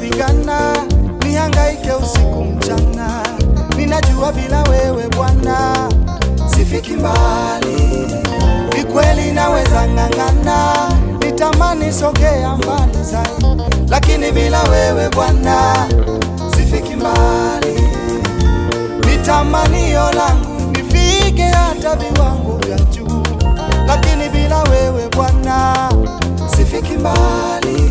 Pigana usiku mchana, ninajua bila wewe Bwana sifiki mbali. nisogea mbali zaidi, lakini bila wewe Bwana sifiki mbali. Nitamanio langu nifike hata viwango vya juu, lakini bila wewe Bwana sifiki mbali.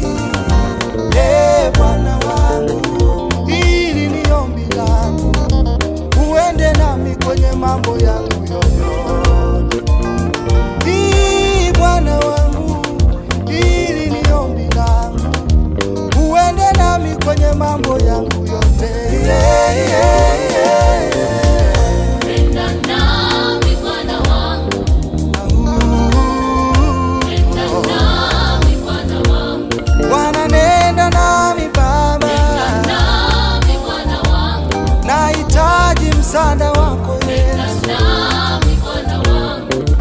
msaada wako Yesu,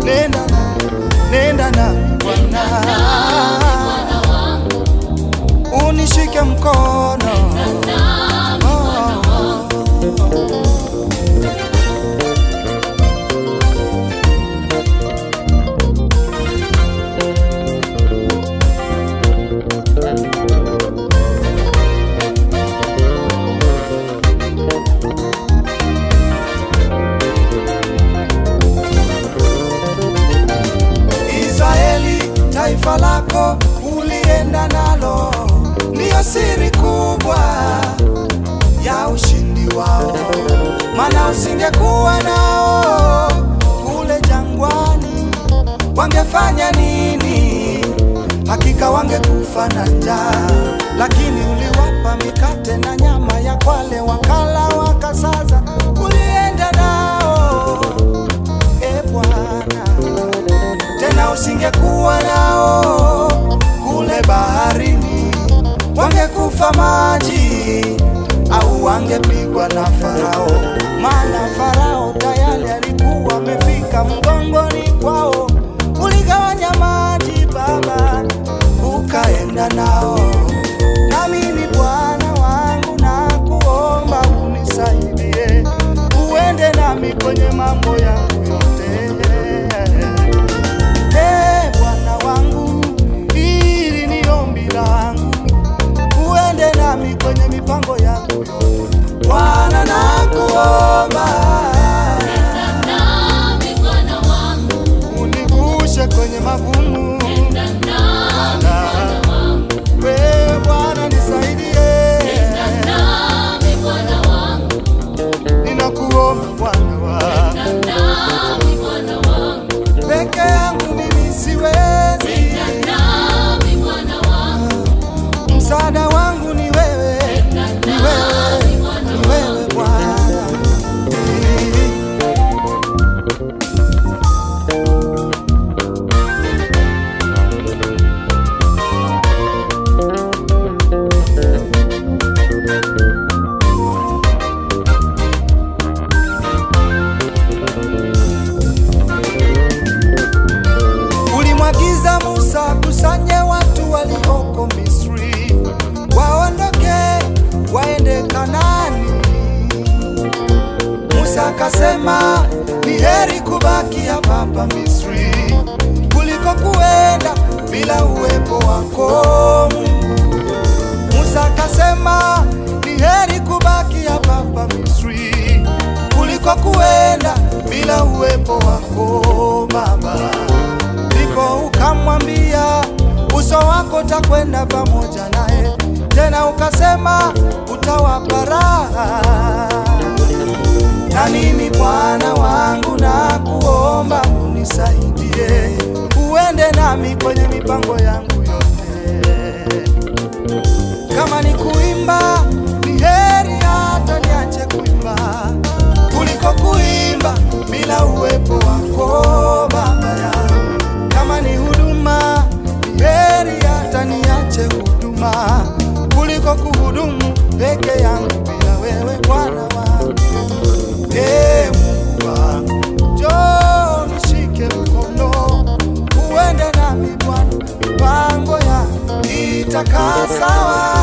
nenda na nenda na Bwana. taifa lako ulienda nalo, ndiyo siri kubwa ya ushindi wao, maana usingekuwa nao kule jangwani, wangefanya nini? Hakika wangekufa na njaa, lakini uliwapa mikate na nyama ya kwale wakala wa maji au angepigwa na Farao, maana Farao tayari alikuwa amefika mgongoni kwao. Uligawanya maji Baba, ukaenda nao mkono wangu peke yangu akasema ni heri kubaki hapa Misri kuliko kuenda bila uwepo wako. Musa akasema ni heri kubaki hapa Misri kuliko kuenda bila uwepo wako Baba. Ndipo ukamwambia uso wako takwenda pamoja naye, tena ukasema utawapa raha nami kwenye mipango yangu yote. Kama ni kuimba, ni heri hata niache kuimba kuliko kuimba bila uwepo wako Baba yangu. Kama ni huduma, ni heri hata niache huduma kuliko kuhudumu peke yangu bila wewe Bwana wangu. Ee sawa